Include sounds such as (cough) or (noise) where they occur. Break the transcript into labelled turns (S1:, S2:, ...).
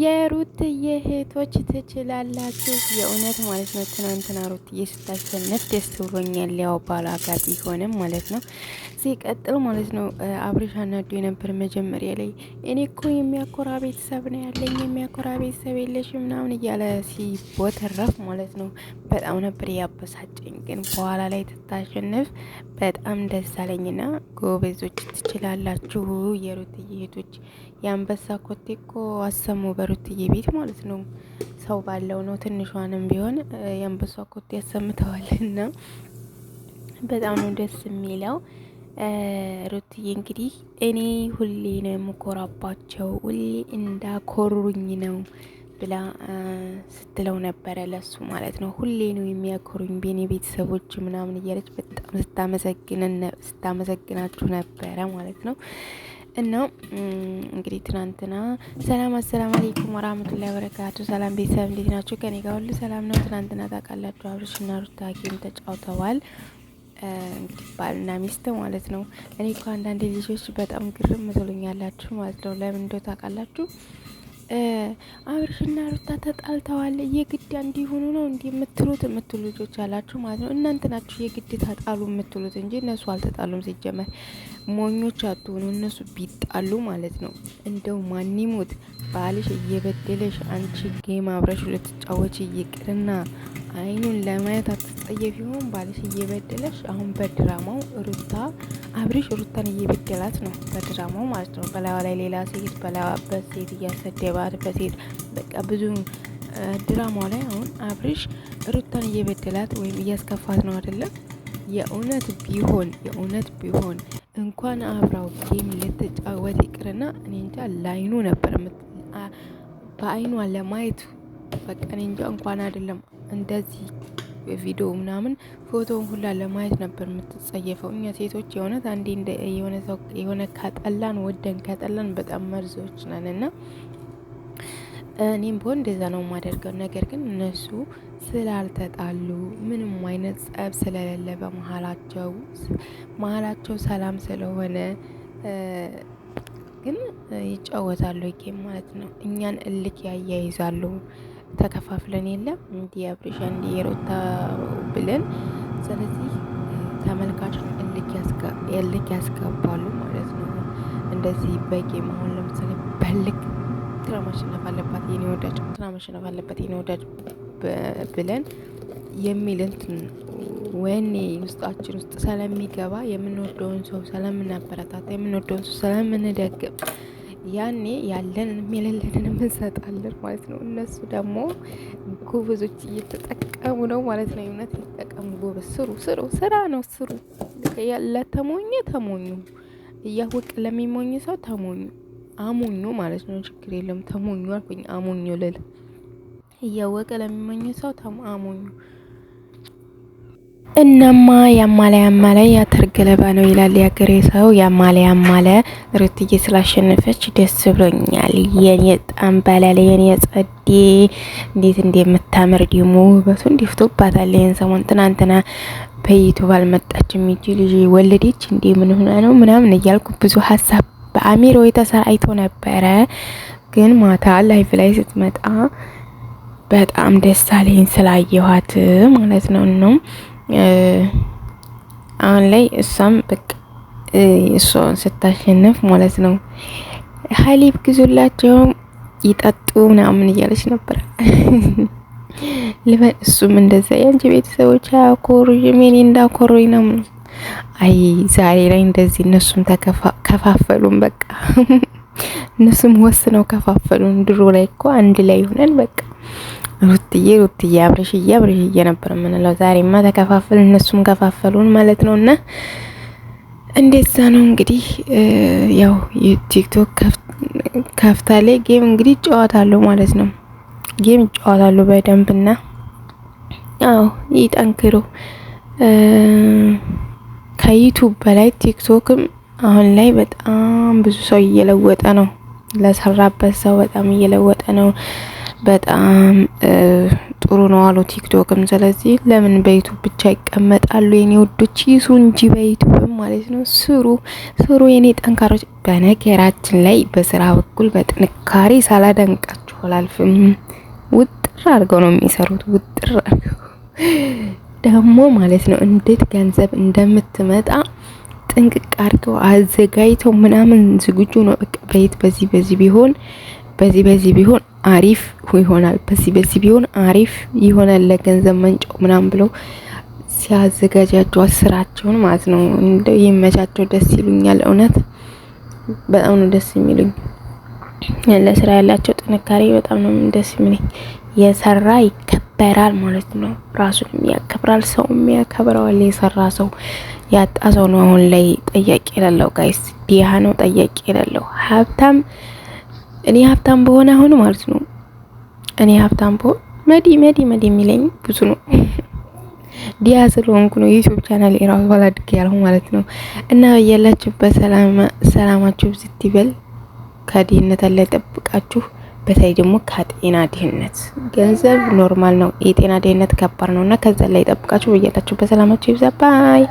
S1: የሩትዬ እህቶች ትችላላችሁ የእውነት ማለት ነው። ትናንትና ሩትዬ ስታሸንፍ ደስ ብሎኛል። ያው ባል አጋቢ ማለት ነው። ሲቀጥል ማለት ነው አብሬሽ አናዱ የነበር መጀመሪያ ላይ እኔ እኮ የሚያኮራ ቤተሰብ ነው ያለኝ የሚያኮራ ቤተሰብ የለሽ ምናምን እያለ ሲቦተረፍ ማለት ነው። በጣም ነበር ያበሳጨኝ። ግን በኋላ ላይ ትታሸንፍ በጣም ደስ አለኝና ጎበዞች ትችላላችሁ፣ የሩትዬ እህቶች። የአንበሳ ኮቴ እኮ አሰሙ በሩትዬ ቤት ማለት ነው። ሰው ባለው ነው። ትንሿንም ቢሆን የአንበሳ ኮቴ ያሰምተዋልና በጣም ነው ደስ የሚለው። ሩትዬ እንግዲህ እኔ ሁሌ ነው የምኮራባቸው፣ ሁሌ እንዳኮሩኝ ነው ብላ ስትለው ነበረ ለሱ ማለት ነው። ሁሌ ነው የሚያኮሩኝ ቤኔ ቤተሰቦች ምናምን እያለች በጣም ስታመሰግናችሁ ነበረ ማለት ነው። እና እንግዲህ ትናንትና ሰላም አሰላም አለይኩም ወራህመቱላሂ ወበረካቱ። ሰላም ቤተሰብ እንዴት ናቸው? ከኔ ጋር ሁሉ ሰላም ነው። ትናንትና ታውቃላችሁ አብርሽና ሩታ ጌም ተጫውተዋል። እንግዲህ ባልና ሚስት ማለት ነው። እኔ እኮ አንዳንድ ልጆች በጣም ግርም ትሉኛላችሁ ማለት ነው። ለምን እንደው ታውቃላችሁ አብርሽና ሩታ ተጣልተዋል፣ የግድ እንዲሆኑ ነው እንዲ የምትሉት የምትሉ ልጆች አላችሁ ማለት ነው። እናንተ ናችሁ የግድ ታጣሉ የምትሉት እንጂ እነሱ አልተጣሉም። ሲጀመር ሞኞች አትሆኑ። እነሱ ቢጣሉ ማለት ነው እንደው ማኒሙት ባልሽ እየበደለሽ አንቺ ጌም አብረሽ ልትጫወች ይቅርና አይኑን ለማየት አትጸየፊ ይሆን ባልሽ እየበደለሽ? አሁን በድራማው ሩታ አብሪሽ ሩታን እየበደላት ነው፣ በድራማው ማለት ነው። በላዋ ላይ ሌላ ሴት በላዋበት ሴት እያሰደባት በሴት በቃ ብዙ ድራማው ላይ አሁን አብሪሽ ሩታን እየበደላት ወይም እያስከፋት ነው አይደለም። የእውነት ቢሆን የእውነት ቢሆን እንኳን አብራው ጌም ልትጫወት ይቅርና እኔ እንጃ ለአይኑ ነበር በአይኗ ለማየት በቃ እኔ እንጃ እንኳን አይደለም እንደዚህ ቪዲዮ ምናምን ፎቶውን ሁላ ለማየት ነበር የምትጸየፈው። እኛ ሴቶች የሆነት አንዴ እንደ የሆነ ሰው የሆነ ከጠላን ወደን ከጠላን በጣም መርዞች ነን እና እኔም በሆን እንደዛ ነው የማደርገው። ነገር ግን እነሱ ስላልተጣሉ ምንም አይነት ጸብ ስለሌለ በመሀላቸው መሀላቸው ሰላም ስለሆነ ግን ይጫወታሉ ጌም ማለት ነው። እኛን እልክ ያያይዛሉ። ተከፋፍለን የለም እንዲህ አብሬሻ እንዲ የሮታ ብለን ስለዚህ ተመልካች እልክ ያስገባሉ ማለት ነው። እንደዚህ በጌ መሆን ለምሳሌ በልክ ስራ ማሸነፍ አለባት የኔ ወዳጅ ስራ ማሸነፍ አለባት የኔ ወዳጅ ብለን የሚል እንትን ወኔ ውስጣችን ውስጥ ስለሚገባ የምንወደውን ሰው ስለምናበረታታ የምንወደውን ሰው ስለምንደግፍ ያኔ ያለንንም የሌለንንም እንሰጣለን ማለት ነው። እነሱ ደግሞ ጎበዞች እየተጠቀሙ ነው ማለት ነው። እውነት ይጠቀሙ፣ ጎበዝ ስሩ፣ ስሩ። ስራ ነው ስሩ። ለተሞኘ ተሞኙ፣ እያወቅ ለሚሞኝ ሰው ተሞኙ፣ አሞኙ ማለት ነው። ችግር የለም ተሞኙ አልኩኝ፣ አሞኙ ልል እያወቀ ለሚሞኝ ሰው አሞኙ እናማ ያማለ ያማለ ያተርገለባ ነው ይላል ያገሬ ሰው። ያማለ ያማለ ሩትዬ ስላሸነፈች ደስ ብሎኛል። የኔ ጣም ባላለ የኔ ጸዴ እንዴት እንደምታምር ደግሞ ውበቱ እንዲፍቶባታል። ይህን ሰሞን ትናንትና በይቱ ባልመጣች እንጂ ልጅ ወለደች እንዴ ምን ሆነ ነው ምናምን እያልኩ ብዙ ሀሳብ በአሚሮ የተሰራይቶ ነበረ። ግን ማታ ላይፍ ላይ ስትመጣ በጣም ደስ አለኝ ስላየኋት ማለት ነው ነው አሁን ላይ እሷም በቃ እሷን ስታሸንፍ ማለት ነው ሀሊብ ግዙላቸውም ይጠጡ ምናምን እያለች ነበረ። (laughs) ልበን እሱም እንደዛ የአንቺ ቤተሰቦች አያኮሩኝም የኔ እንዳኮሩኝ ነው። አይ ዛሬ ላይ እንደዚህ እነሱም ከፋፈሉን በቃ (laughs) እነሱም ወስነው ከፋፈሉን። ድሮ ላይ እኮ አንድ ላይ ሆነን በቃ ሩትዬ ሩትዬ አብረሽዬ አብረሽዬ ነበር የምንለው። ዛሬማ ተከፋፈል እነሱም ከፋፈሉን ማለት ነው። እና እንደዛ ነው እንግዲህ ያው ቲክቶክ ከፍታ ላይ ጌም እንግዲህ እጫወታለሁ ማለት ነው። ጌም እጫወታለሁ በደንብና አዎ ይጠንክሩ። ከዩቱብ በላይ ቲክቶክም አሁን ላይ በጣም ብዙ ሰው እየለወጠ ነው። ለሰራበት ሰው በጣም እየለወጠ ነው። በጣም ጥሩ ነው አሉ ቲክቶክም። ስለዚህ ለምን በዩቱብ ብቻ ይቀመጣሉ የኔ ውዶች? ይሱ እንጂ በዩቱብም ማለት ነው ስሩ ስሩ የኔ ጠንካሮች። በነገራችን ላይ በስራ በኩል በጥንካሬ ሳላደንቃችሁ አላልፍም። ውጥር አድርገው ነው የሚሰሩት። ውጥር አድርገው ደግሞ ማለት ነው እንዴት ገንዘብ እንደምትመጣ ጥንቅቅ አድርገው አዘጋጅተው ምናምን ዝግጁ ነው። በቃ በየት በዚህ በዚህ ቢሆን በዚህ በዚህ ቢሆን አሪፍ ይሆናል፣ በዚህ በዚህ ቢሆን አሪፍ ይሆናል ለገንዘብ መንጫው ምናምን ብለው ሲያዘጋጃቸው ስራቸውን ማለት ነው። እንደው ይመቻቸው፣ ደስ ይሉኛል። እውነት በጣም ነው ደስ የሚሉኝ። ለስራ ያላቸው ጥንካሬ በጣም ነው ደስ የሚለኝ። የሰራ ይከበራል ማለት ነው። ራሱንም ያከብራል፣ ሰውም ያከብረዋል። የሰራ ሰው ያጣ ሰው ነው አሁን ላይ ጠያቂ የሌለው ጋይስ። ዲሃ ነው ጠያቂ የሌለው ሀብታም እኔ ሀብታም በሆነ አሁን ማለት ነው እኔ ሀብታም በሆን መዲ መዲ መዲ የሚለኝ ብዙ ነው። (laughs) ዲያ ስለሆንኩ ነው የዩቲዩብ ቻናል የራሱ ባላድግ ያለሁ ማለት ነው። እና በያላችሁ በሰላማችሁ ብዝት ይበል። ከድህነት አለ ይጠብቃችሁ። በተለይ ደግሞ ከጤና ድህነት ገንዘብ ኖርማል ነው። የጤና ድህነት ከባድ ነው እና ከዛ ላይ ይጠብቃችሁ። በያላችሁ በሰላማችሁ ይብዛ ባይ